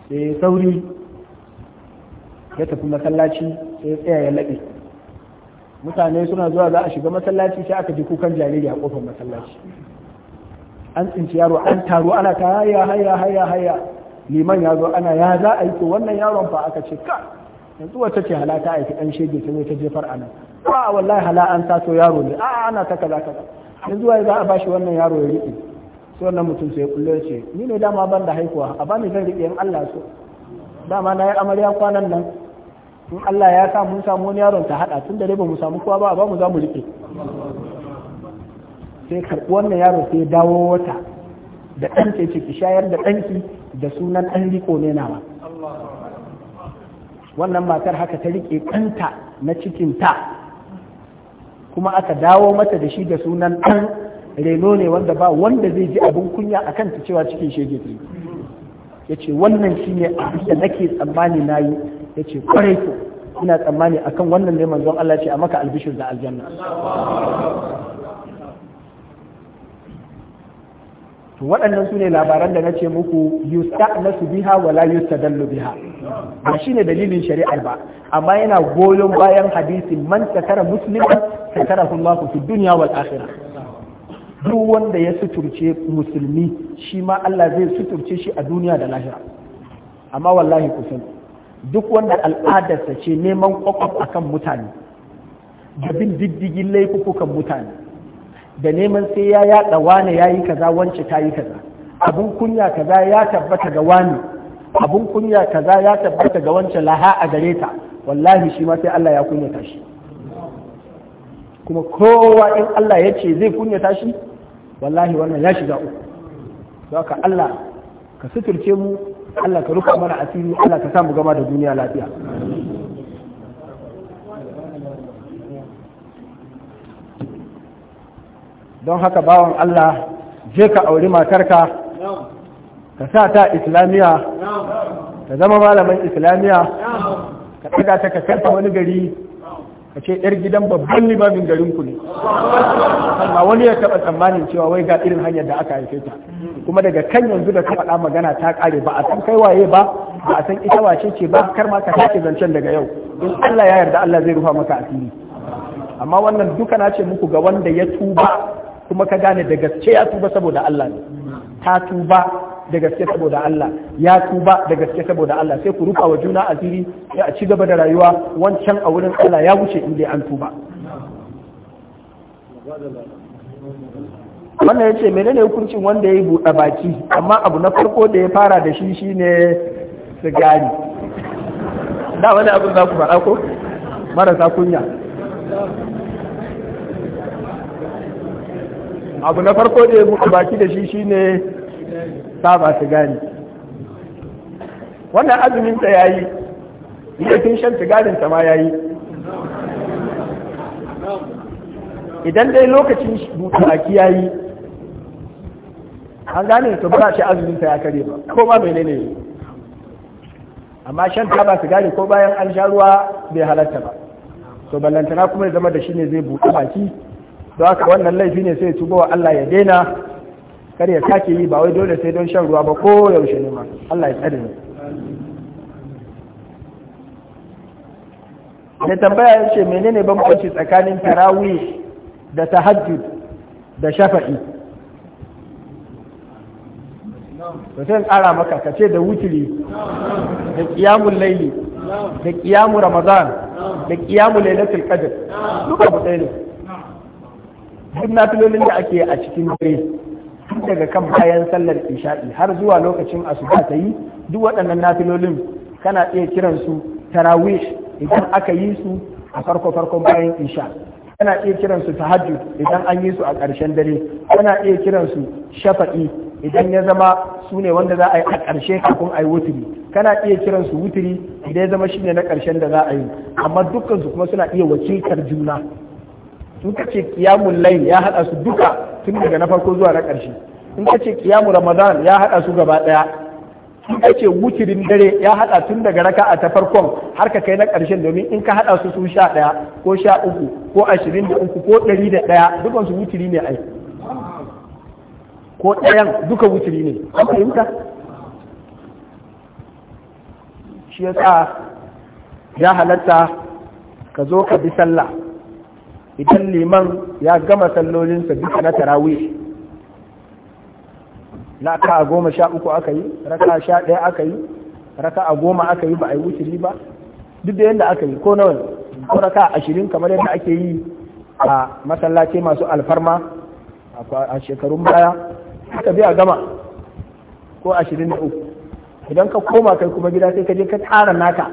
sai sauri ya tafi masallaci sai tsaya ya laɓe mutane suna zuwa za a shiga masallaci sai aka ji kukan jariri a kofar masallaci an tsinci yaro an taru ana ta haya haya haya haya liman ya zo ana ya za a yi to wannan yaron fa aka ce ka yanzu wata ce hala ta aiki ɗan shege ta ne ta jefar ana a wallahi hala an sato yaro ne a ana ta kaza kaza yanzu wai za a bashi wannan yaro ya riƙe sai wannan mutum sai kullo ce ni ne dama ban da haihuwa a bani zan riƙe in Allah so dama na yi amarya kwanan nan in Allah ya sa mun samu wani yaron ta hada tun da dai ba mu samu kowa ba a ba mu za mu riƙe sai karɓi wannan yaron sai dawo wata da ɗan ce ciki shayar da ɗanki da sunan ɗan riko ne nawa wannan matar haka ta riƙe ɗanta na cikin ta, kuma aka dawo mata da shi da sunan ɗan reno ne wanda ba wanda zai ji abin kunya a kanta cewa cikin shege ta ya ce wannan shi ne abin da nake tsammani na yi ya ce kwarai ko ina tsammani a kan wannan ne manzon Allah ce a maka albishir da aljanna to waɗannan su ne labaran da na ce muku yusta na su biha wala yusta dallu biha ba shi ne dalilin shari'ar ba amma yana goyon bayan hadisin man sakara musulman sakara Allah fi duniya wal akhirah duk wanda ya suturce musulmi shi ma Allah zai suturce shi a duniya da lahira amma wallahi ku san. duk wanda al'adarsa ce neman kwakwaf a kan mutane da bin diddigin laifukan mutane da neman sai ya yaɗa wane ya yi kaza wance ta yi kaza abun kunya kaza ya tabbata ga wani abun kunya kaza ya tabbata ga wance laha a gare ta wallahi shi ma sai Allah ya kunyata shi kuma kowa in Allah ya ce zai kunyata shi wallahi wannan ya shiga uku don ka Allah ka suturce mu Allah ka rufa mana asiri Allah ka samu gama da duniya lafiya don haka bawan Allah je ka auri matarka ka sa ta islamiya ka zama malamin islamiya ka ɗaga ta ka karfa wani gari ka ce yar gidan babban limamin garin ku ne amma wani ya taɓa tsammanin cewa wai ga irin hanyar da aka haife ta kuma daga kan yanzu da ka faɗa magana ta ƙare ba a san kai waye ba ba a san ita wace ce ba kar ma ka sake zancen daga yau in Allah ya yarda Allah zai rufa maka asiri amma wannan duka na ce muku ga wanda ya tuba kuma ka gane da gaske ya tuba saboda Allah ta tuba da gaske saboda Allah ya tuba da gaske saboda Allah sai ku rufa wa juna asiri sai ci gaba da rayuwa wancan a wurin Allah ya wuce inda an tuba wannan ya ce menene hukuncin wanda ya yi buɗe baki amma abu na farko da ya fara da shi shine sigari da wani abin za ku faɗa ko marasa kunya abu na farko da ya buɗe baki da shi shine saba gani wannan azumin ta yayi laifin shan sigarin ta ma yayi idan dai lokacin buɗe aki yayi an gane to ba shi azumin ta ya kare ba ko ma menene ne amma shan taba sigari ko bayan an sha ruwa bai halatta ba to ballantana kuma ya zama da shi ne zai buɗe baki don haka wannan laifi ne sai ya tubo wa Allah ya daina kar ya sake yi ba wai dole sai don shan ruwa ba ko yaushe ne ma Allah ya tsare da tambaya ya ce menene bambanci tsakanin tarawih da tahajjud da shafa'i to sai kara maka kace da wutiri da qiyamul layli da qiyamu ramadan da qiyamu lailatul qadr duka ba ɗaya ne duk na da ake a cikin dare daga kan bayan sallar isha'i har zuwa lokacin asuba ta yi duk waɗannan nafilolin kana iya kiran su tarawih idan aka yi su a farko farkon bayan isha kana iya kiran su tahajjud idan an yi su a ƙarshen dare kana iya kiran su shafa'i idan ya zama su ne wanda za a yi a ƙarshe kafin a yi wuturi kana iya kiran su wuturi idan ya zama shi ne na ƙarshen da za a yi amma dukkan su kuma suna iya wakiltar juna in ka ce kiyamun lai ya haɗa su duka tun daga na farko zuwa na ƙarshe in ka ce kiyamu ramadan ya haɗa su gaba ɗaya in ka ce wucirin dare ya haɗa tun daga raka a ta farkon har ka kai na ƙarshen domin in ka haɗa su su sha ɗaya ko sha uku ko ashirin da uku ko ɗari da ɗaya dukan su wukiri ne ai ko ɗayan duka wukiri ne an fahimta shi yasa ya halatta ka zo ka bi sallah idan liman ya gama sallolinsa duka na tarawih raka a goma sha uku aka yi raka sha ɗaya aka yi raka a goma aka yi ba a yi wuturi ba duk da yadda aka yi ko nawa ko raka ashirin kamar yadda ake yi a masallaci masu alfarma a shekarun baya aka biya gama ko ashirin da uku idan ka koma kai kuma gida sai ka je ka tsara naka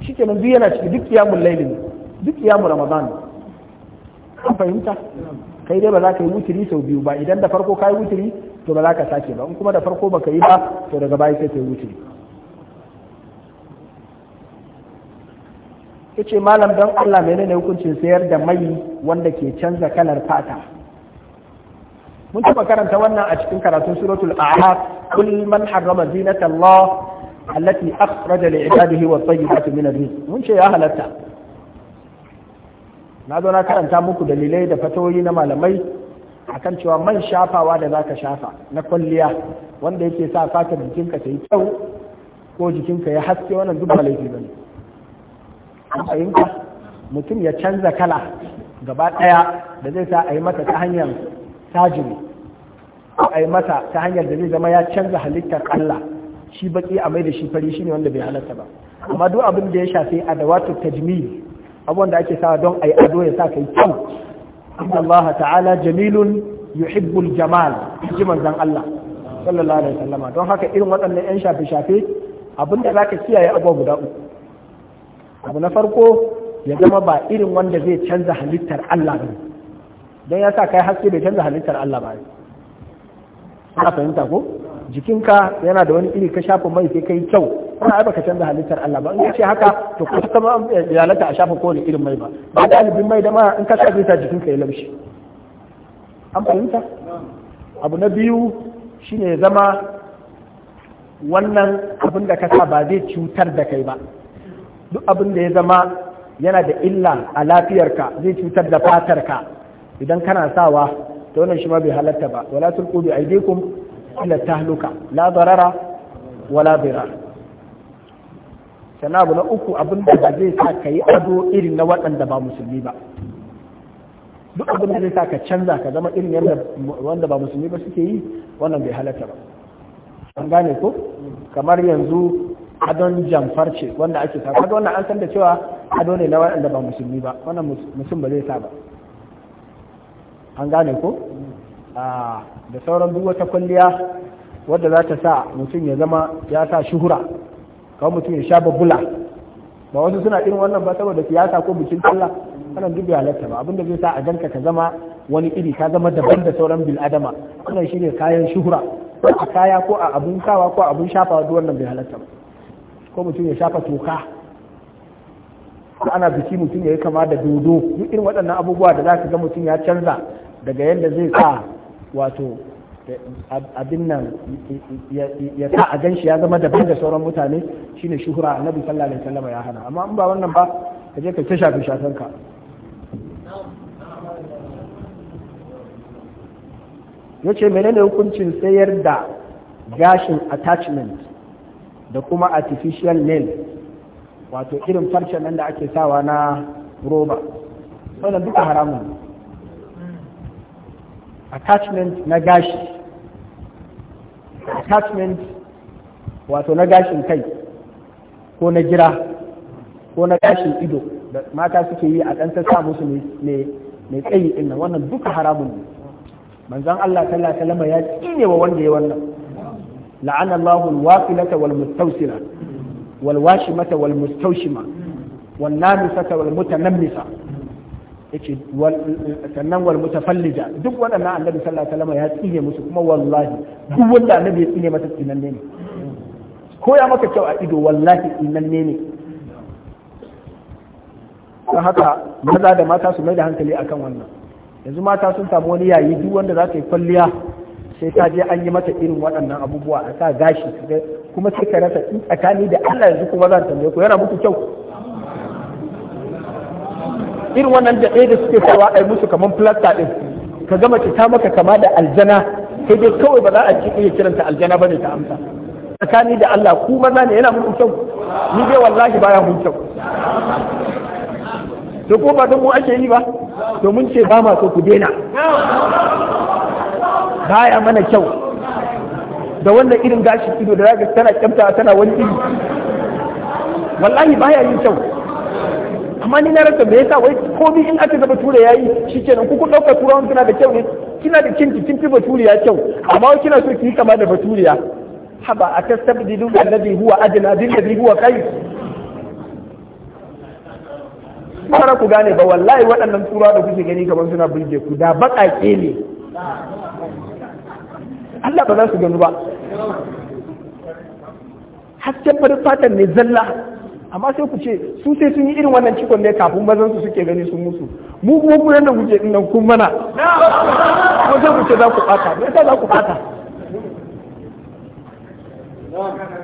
shi kenan duk yana ciki duk kiyamun laili ne duk kiyamun ramadan an fahimta kai dai ba za ka yi wuturi sau biyu ba idan da farko ka yi wuturi to ba za ka sake ba in kuma da farko baka yi ba to daga baya sai ka yi wuce yace malam don Allah nuna hukuncin sayar da mai wanda ke canza kalar fata mun taɓa karanta wannan a cikin karatun suratul aha kul man harrama zinatallah allati akhraja li ibadihi wa tayyibati min ar-rizq mun ce ya halarta. na zo na karanta muku dalilai da fatoyi na malamai akan cewa man shafawa da zaka shafa na kwalliya wanda yake sa fatar jikinka ta yi kyau ko jikinka ya haske wannan duk ba laifi fahimta mutum ya canza kala gaba ɗaya da zai sa a yi mata ta hanyar tajiri a yi mata ta hanyar da zai zama ya canza halittar Allah shi baki a mai da shi fari shi ne wanda bai halatta ba amma duk abin da ya shafi adawatu tajmi abubuwan da ake sawa don a yi ado ya sa kai kyau inna ta'ala jamilun yuhibbul jamal ji manzon Allah sallallahu alaihi wasallam don haka irin waɗannan yan shafe-shafe abinda zaka kiyaye abuwa guda abu na farko ya zama ba irin wanda zai canza halittar Allah ba don ya kai haske bai canza halittar Allah ba ana fahimta ko jikinka yana da wani iri ka shafa mai sai kai kyau kuma ai baka canza halittar Allah ba in ka ce haka to ko ta ma a shafa kowane irin mai ba ba dalibin mai da ma in ka sa ta jikin ka ya laushi an fahimta abu na biyu shine ya zama wannan abin da ka sa ba zai cutar da kai ba duk abin da ya zama yana da illa a lafiyarka zai cutar da fatarka idan kana sawa ta wannan shi ma bai halatta ba wala tulqu bi aydikum ila tahluka la darara wala dirar sannan abu na uku abin da ba zai sa ka yi ado irin na waɗanda ba musulmi ba duk abin da zai sa ka canza ka zama irin yadda wanda ba musulmi ba suke yi wannan bai halatta ba an gane ko kamar yanzu adon jamfar ce wanda ake sa kaga wannan an san da cewa ado ne na waɗanda ba musulmi ba wannan mutum ba zai sa ba an gane ko da sauran duk wata kwalliya wadda za ta sa mutum ya zama ya sa shuhura kawai mutum ya sha babula ba wasu suna irin wannan ba saboda siyasa ko bikin sallah wannan dubi halatta ba abinda zai sa a ganka ka zama wani iri ka zama daban da sauran bil adama wannan shirya kayan shuhura ko a kaya ko a abun sawa ko a abun shafawa duk wannan bai halatta ba ko mutum ya shafa toka ko ana biki mutum ya yi kama da dodo duk irin waɗannan abubuwa da za ka ga mutum ya canza daga yadda zai sa wato abin nan ya sa a ganshi ya zama daban da sauran mutane shine shuhura annabi sallallahu alaihi wasallam ya hana amma in ba wannan ba ka je ka ta shafi shafin ka yace menene hukuncin sayar da gashin attachment da kuma artificial nail wato irin farcen nan da ake sawa na roba wannan duka haramun attachment na gashi attachment wato na gashin kai ko na jira ko na gashin ido da mata suke yi a ɗan ta sa ne mai tsayi inna nan wannan duka haramun ne manzon Allah sallallahu alaihi wasallam ya tsine wa wanda ya wannan la'ana Allahu al-waqilata wal mustawsila wal washimata wal mustawshima wal namisata wal mutanammisa yace sannan wal mutafallija duk wadannan annabi sallallahu alaihi wasallam ya tsine musu kuma wallahi duk wanda annabi ya tsine masa tsinan ne ko ya maka kyau a ido wallahi tsinanne ne don haka maza da mata su mai da hankali akan wannan yanzu mata sun samu wani yayi duk wanda za ta yi kwalliya sai ta je an yi mata irin waɗannan abubuwa a sa gashi kuma sai ka rasa tsakani da Allah yanzu kuma zan tambaye ku yana muku kyau irin wannan da ɗaya da suke sawa yi musu kaman plasta ɗin, ka gama ta maka kama da aljana sai dai kawai ba za a ci iya kiranta aljana ba ne ta amsa tsakani da Allah ku maza ne yana mun kyau ni dai wallahi baya mun kyau to ko ba don mu ake yi ba to mun ce ba ma so ku daina baya mana kyau da wannan irin gashi ido da zaka tana kyamta tana wani iri wallahi baya yin kyau amma ni na rasa me yasa wai komai in aka zaba tura yayi shikenan ku ku dauka turawan suna da kyau ne kina da kinki kin fi baturiya kyau amma kina so ki kama da baturiya haba a tastabdilu alladhi huwa adna bil ladhi huwa kuma fara ku gane ba wallahi waɗannan turawa da kuke gani kamar suna bulge ku da baƙaƙe ne Allah ba za su gani ba hasken farin fatan ne zalla amma sai ku ce su sai sun yi irin wannan cikon ne kafin mazan su suke gani sun musu mu kuma ku yanda muke din nan kun mana ko sai ku ce za ku bata me yasa za ku bata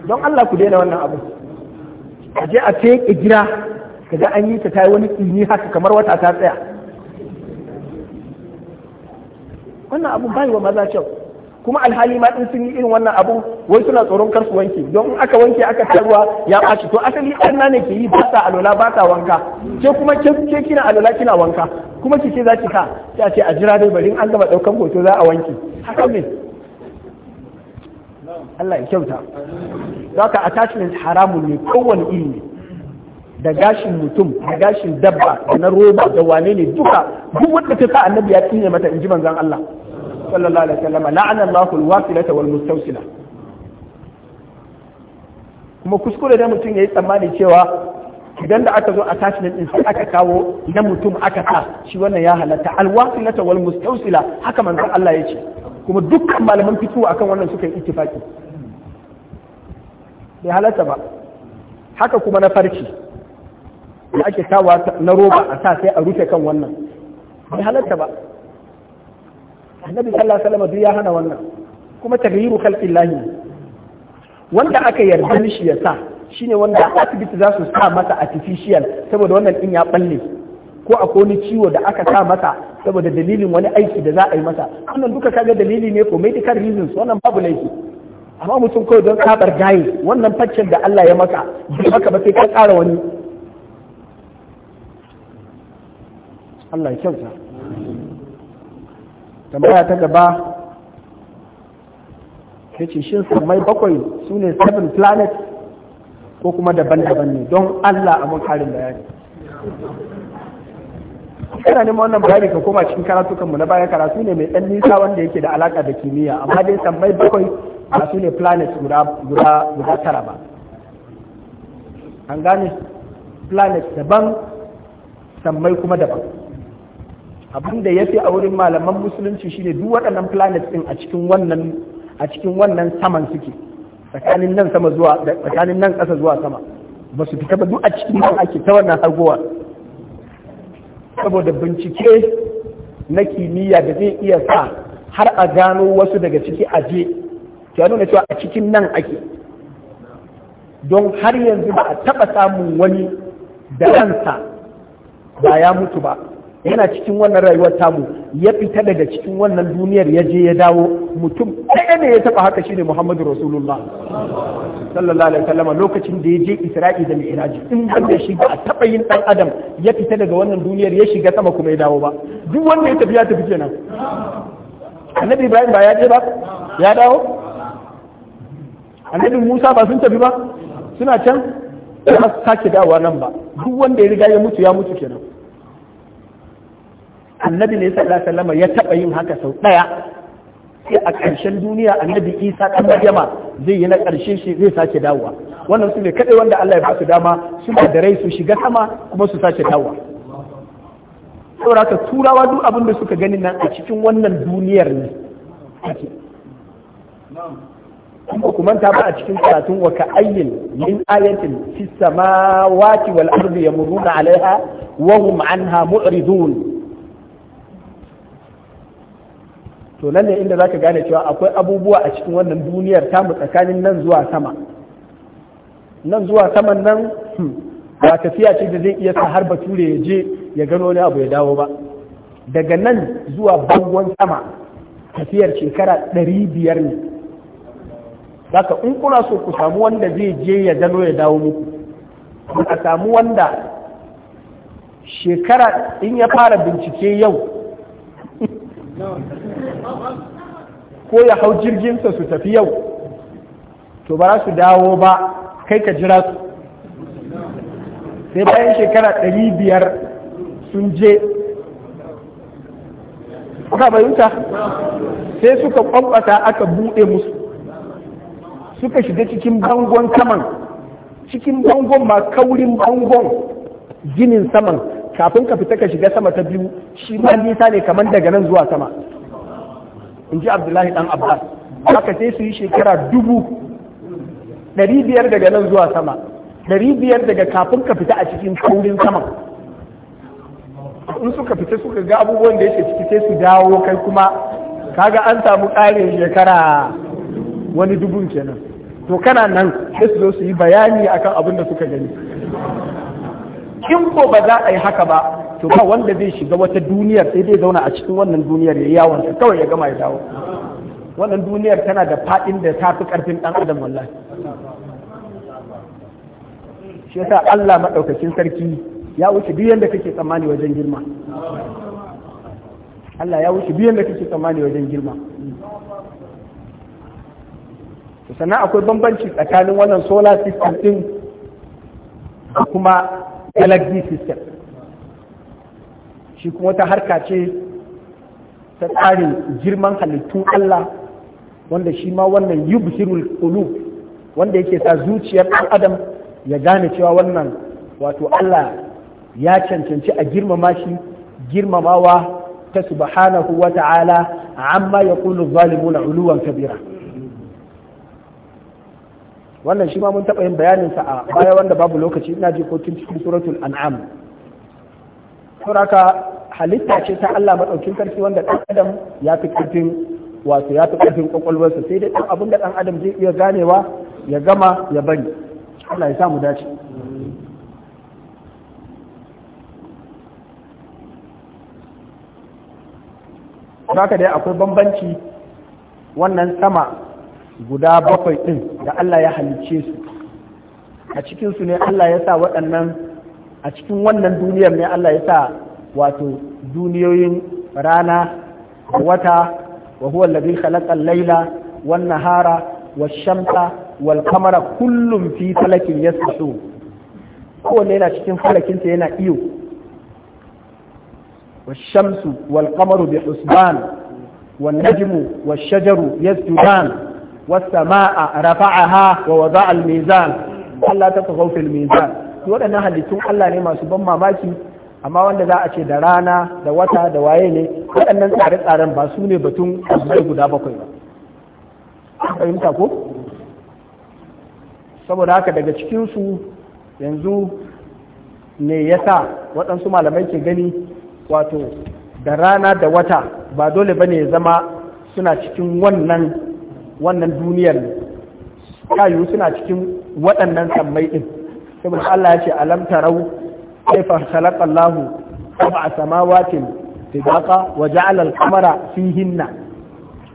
don Allah ku daina wannan abu a je a teke gida kaga an yi ta tayi wani tsini haka kamar wata ta tsaya wannan abu bai wa maza kyau kuma alhali ma din sun yi irin wannan abu wai suna tsoron kar su wanke don in aka wanke aka ta ruwa ya ɓaci to asali arna ne ke yi ba sa alola ba sa wanka ke kuma ke kina alola kina wanka kuma ki ce za ki ka ta ce a jira dai bari in an gama ɗaukan hoto za a wanke haka ne Allah ya kyauta za ka attachment haramun ne kowane iri ne da gashin mutum da gashin dabba da na roba da wane ne duka duk wanda ta sa annabi ya tsine mata in ji manzon Allah sallallahu alaihi wasallam la'ana Allahu al-wasilata wal kuma kuskure da mutum ya yi tsammani cewa idan da aka zo a tashi din sai aka kawo na mutum aka sa shi wannan ya halatta al-wasilata wal mustawsila haka manzon Allah ya ce kuma dukkan malaman fito akan wannan suka yi ittifaki bai halatta ba haka kuma na farci da ake kawo na roba a sa sai a rufe kan wannan bai halatta ba annabi sallallahu alaihi wasallam duk ya hana wannan kuma taghyiru khalqillahi wanda aka yarda shi ya sa shine wanda asibiti za su sa masa artificial saboda wannan din ya balle ko a wani ciwo da aka sa masa saboda dalilin wani aiki da za a yi masa wannan duka kaga dalili ne for medical reasons wannan babu laifi amma mutum kawai don kabar gaye wannan faccen da Allah ya maka bai maka ba sai ka tsara wani Allah ya kyauta tambaya ta gaba ya ce shin samai bakwai su ne seven planets ko kuma daban-daban ne don allah a karin bayani kana neman wannan bayani ka koma cikin mu na baya karatu ne mai ɗan nisa wanda yake da alaka da kimiyya amma dai sammai bakwai ba su ne planets guda tara ba an gane planets daban sammai kuma daban abin da ya fi a wurin malaman musulunci shine duk waɗannan planets din a cikin wannan a cikin wannan saman suke tsakanin nan sama zuwa tsakanin nan ƙasa zuwa sama ba su fita ba duk a cikin nan ake ta wannan hargowa saboda bincike na kimiyya da zai iya sa har a gano wasu daga ciki a je ya nuna cewa a cikin nan ake don har yanzu ba a taɓa samun wani da ransa ba ya mutu ba yana cikin wannan rayuwar tamu ya fita daga cikin wannan duniyar ya je ya dawo mutum ɗaya ne ya taɓa haka shi ne Muhammadu Rasulullah sallallahu alaihi wasallam lokacin da ya je Isra'i da Mi'raj in har da shi ba a taɓa yin ɗan adam ya fita daga wannan duniyar ya shiga sama kuma ya dawo ba duk wanda ya tafi ya tafi kenan Annabi Ibrahim ba ya je ba ya dawo Annabi Musa ba sun tafi ba suna can ba sake dawowa nan ba duk wanda ya riga ya mutu ya mutu kenan annabi ne sallallahu alaihi ya taba yin haka sau daya sai a ƙarshen duniya annabi Isa kan Maryama zai yi na ƙarshe shi zai sake dawowa wannan su ne kadai wanda Allah ya ba su dama su da rai su shiga sama kuma su sake dawowa saboda turawa duk abin da suka gani nan a cikin wannan duniyar ne kuma kuma ta ba a cikin karatun wa ka ayyin min ayatin fi samawati wal ardi yamuruna alaiha wa hum anha mu'ridun to nan ne inda zaka gane cewa akwai abubuwa a cikin wannan duniyar tamu tsakanin nan zuwa sama nan zuwa saman nan hmm, ba tafiya ce da zai iya sa har bature ya je ya gano wani abu ya dawo ba daga nan zuwa bangon sama tafiyar shekara ɗari biyar ne zaka in kuna so ku samu wanda zai je ya gano ya dawo muku a samu wanda shekara in ya fara bincike yau ko ya hau jirginsa su tafi yau to ba su dawo ba kai ka jira su sai bayan shekara ɗari biyar sun je kuka bayunta sai suka kwamfata aka buɗe musu suka shiga cikin bangon saman cikin bangon ma kaurin bangon ginin saman kafin ka fita ka shiga sama ta biyu shi ma nisa ne kamar daga nan zuwa sama in ji abdullahi dan abbas haka sai su yi shekara dubu ɗari biyar daga nan zuwa sama ɗari biyar daga kafin ka fita a cikin kaurin sama in suka fita suka ga abubuwan da yake ciki sai su dawo kai kuma kaga an samu ƙarin shekara wani dubun kenan to kana nan sai su zo su yi bayani akan abin da suka gani in ko ba za a yi haka ba to ba wanda zai shiga wata duniyar sai zai zauna a cikin wannan duniyar ya yawon sa kawai ya gama ya dawo wannan duniyar tana da fadin da ta fi karfin dan adam wallahi shi yasa Allah madaukakin sarki ya wuce duk yanda kake tsammani wajen girma Allah ya wuce duk yanda kake tsammani wajen girma sannan akwai bambanci tsakanin wannan solar system din kuma galaxy system shi kuma wata harka ce ta tsarin girman halittun Allah wanda shi ma wannan yubsirul qulub wanda yake sa zuciyar ɗan adam ya gane cewa wannan wato Allah ya cancanci a girmama shi girmamawa ta subhanahu wa a amma yaqulu zalimuna uluwan kabira wannan shi ma mun taɓa yin bayanin sa a baya wanda babu lokaci ina ji ko tun cikin suratul an'am saboda halitta ce ta Allah madaukin sarki wanda dan adam ya fi karfin wato ya fi karfin kwakwalwarsa sai dai dan abin da dan adam zai iya ganewa ya gama ya bari Allah ya samu dace haka dai akwai bambanci wannan sama guda bakwai ɗin da Allah ya halicce su a cikinsu ne Allah ya sa waɗannan a cikin wannan duniyar ne Allah ya sa wato duniyoyin rana da wata wa huwa alladhi khalaqa al-laila wan nahara wash-shamsa wal kullum fi falakin Ko kowanne yana cikin falakinsa yana iyo wash-shamsu wal qamaru bi husban wan najmu wash-shajaru yasjudan wasama'a rafa'aha wa wada'a al-mizan Allah ta fa fil mizan waɗannan halittun Allah ne masu ban mamaki amma wanda za a ce da rana da wata da waye ne waɗannan tsare-tsaren ba su ne batun abubuwa guda bakwai ba fahimta ko saboda haka daga cikinsu yanzu ne ya sa waɗansu malamai ke gani wato da rana da wata ba dole ba ne ya zama suna cikin wannan wannan duniyar kayu suna cikin waɗannan sammai ɗin saboda Allah ya ce alam tarau kaifa khalaqa Allahu sab'a samawatin tibaqa wa ja'ala al-qamara fihinna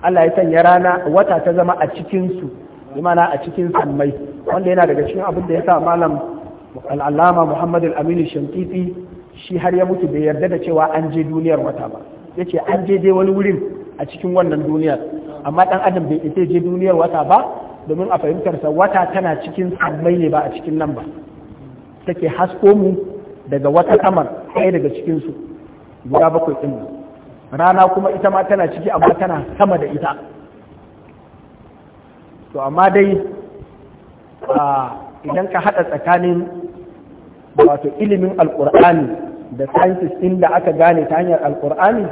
Allah ya sanya rana wata ta zama a cikin su imana a cikin sammai wanda yana daga cikin abin da ya sa malam al-allama Muhammad al-Aminu Shantiti shi har ya mutu bai yarda da cewa an je duniyar wata ba yace an je dai wani wurin a cikin wannan duniyar amma ɗan adam bai ita je duniyar wata ba domin a fahimtar sa wata tana cikin sammai ne ba a cikin nan ba take hasko mu daga wata kamar ɗaya daga cikinsu guda bakwai ɗin rana kuma ita ma tana ciki amma tana sama da ita to amma dai idan ka haɗa tsakanin wato ilimin alƙur'ani da sciences ɗin da aka gane ta hanyar alƙur'ani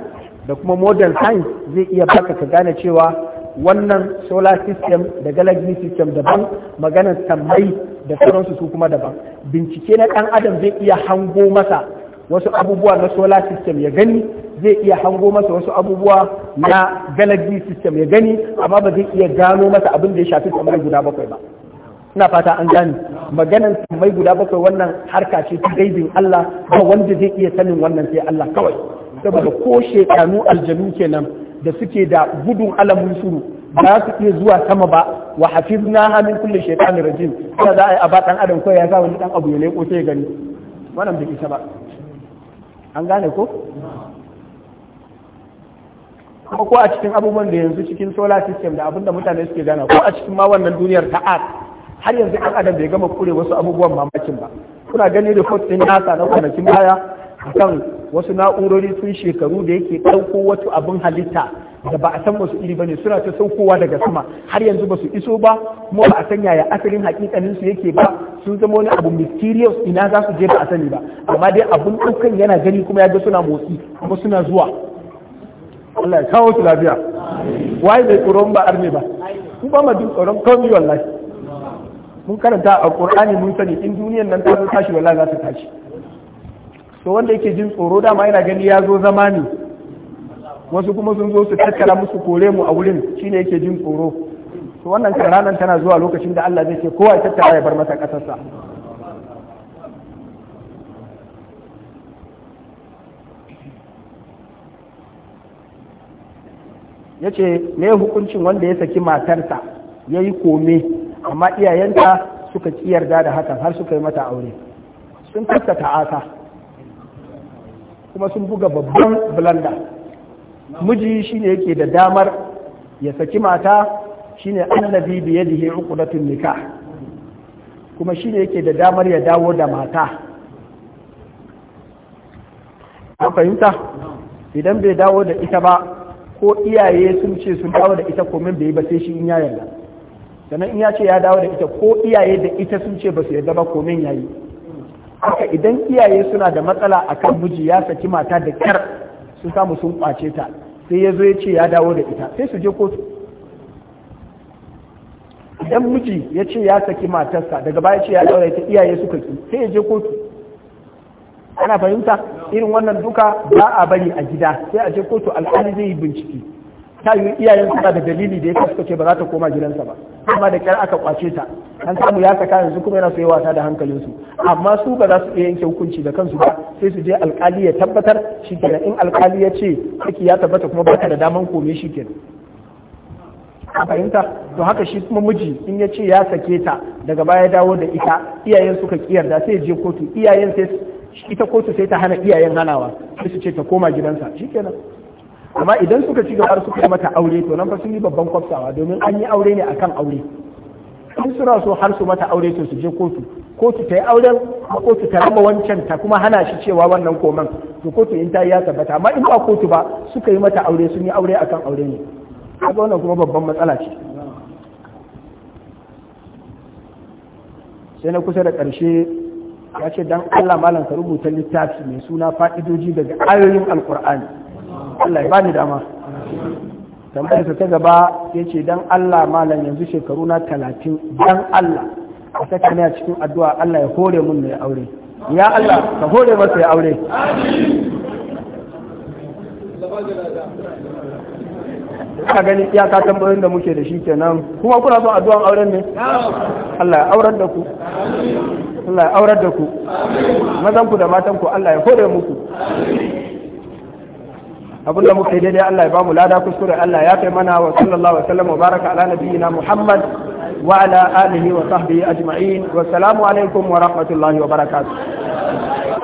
da kuma modern science zai iya baka ka gane cewa wannan solar system da galaxy system daban maganar tambayi da sauransu su kuma daban bincike na ɗan adam zai iya hango masa wasu abubuwa na solar system ya gani zai iya hango masa wasu abubuwa na galaxy system ya gani amma ba zai iya gano masa abin da ya shafi tambayi guda bakwai ba ina fata an gane maganar tambayi guda bakwai wannan harka ce ta gaibin Allah ba wanda zai iya sanin wannan sai Allah kawai saboda ko shekanu aljanu kenan da suke da gudun alamun suru ba su iya zuwa sama ba wa hafizna na hannun kulli shaytanir rajin kada za a yi a ba adam kawai ya sa wani dan abu ya leko sai gani wannan bai isa ba an gane ko kuma ko a cikin abubuwan da yanzu cikin solar system da abinda mutane suke gana ko a cikin ma wannan duniyar ta art har yanzu ɗan adam bai gama kure wasu abubuwan mamakin ba kuna gani report din nasa na kwanakin baya akan wasu na'urori sun shekaru da yake ɗauko wasu abin halitta da ba a san wasu iri ne suna ta saukowa daga sama har yanzu ba su iso ba kuma ba a san yaya asalin hakikanin su yake ba sun zama wani abu mysterious ina za su je ba a sani ba amma dai abun ɗaukan yana gani kuma ya ga suna motsi kuma suna zuwa Allah ya kawo su lafiya waye bai tsoron ba arme ba ku ba ma duk tsoron kawai wallahi mun karanta a qur'ani mun sani in duniyar nan ta zo tashi wallahi za ta tashi to wanda yake jin tsoro dama yana gani ya zo zama ne wasu kuma sun zo su tattara musu kore mu a wurin shine yake jin tsoro to wannan kan ranar tana zuwa lokacin da Allah zai ce kowa ya tattara ya bar masa kasarsa ya ce me hukuncin wanda ya saki matarsa ya yi kome amma iyayenta suka ƙi yarda da hakan har suka yi mata aure sun tattata aka. kuma sun buga babban blanda miji shine yake da damar ya saki mata shine annabi bi yadihi uqdatun nikah kuma shine yake da damar ya dawo da mata an fahimta idan bai dawo da ita ba ko iyaye sun ce sun dawo da ita min bai yi ba sai shi in ya yarda sannan in ya ce ya dawo da ita ko iyaye da ita sun ce ba su yarda ba komin ya yi haka idan iyaye suna da matsala a kan miji ya saki mata da kyar sun samu sun kwace ta sai ya zo ya ce ya dawo da ita sai su je kotu idan miji ya ce ya saki matarsa daga baya ce ya dawo da ita iyaye suka ki sai ya je kotu ana fahimta irin wannan duka ba a bari a gida sai a je kotu alhali zai yi bincike ta yi iyayen suna da dalili da ya kasu ce ba za ta koma gidansa ba amma da kyar aka kwace ta an samu ya saka yanzu kuma yana so ya wasa da su amma su ba za su iya yanke hukunci da kansu ba sai su je alkali ya tabbatar shi kenan in alkali ya ce saki ya tabbata kuma ba ta da daman kome shi kenan a fahimta to haka shi kuma miji in ya ce ya sake ta daga baya dawo da ita iyayen suka kiyarda sai je kotu iyayen sai ita kotu sai ta hana iyayen hanawa sai su ce ta koma gidansa shikenan amma idan suka ci gaba suka yi mata aure to nan fa sun yi babban kwafsawa domin an yi aure ne akan aure in suna so har su mata aure to su je kotu kotu ta yi auren kotu ta raba wancan ta kuma hana shi cewa wannan koman to kotu in ta yi ya tabbata amma in ba kotu ba suka yi mata aure sun yi aure akan aure ne kaga wannan kuma babban matsala ce sai na kusa da ƙarshe ya ce dan Allah malam ka rubuta littafi mai suna fa'idoji daga ayoyin alkur'ani Allah ya bani dama tambayar sa ta gaba ya ce dan Allah malam yanzu shekaru na talatin dan Allah a saka ne a cikin addu'a Allah ya hore mun ya aure ya Allah ka hore masa ya aure ka gani iyaka tambayoyin da muke da shi kenan kuma kuna son addu'an auren ne Allah ya aurar da ku Allah ya aurar da ku mazan ku da matan ku Allah ya hore muku abinda muka yi daidai Allah ya bamu lada kuskure Allah ya kai mana wa sallallahu alaihi wasallam wa baraka ala nabiyyina Muhammad wa ala alihi wa sahbihi ajma'in wa salamu alaikum wa rahmatullahi wa barakatuh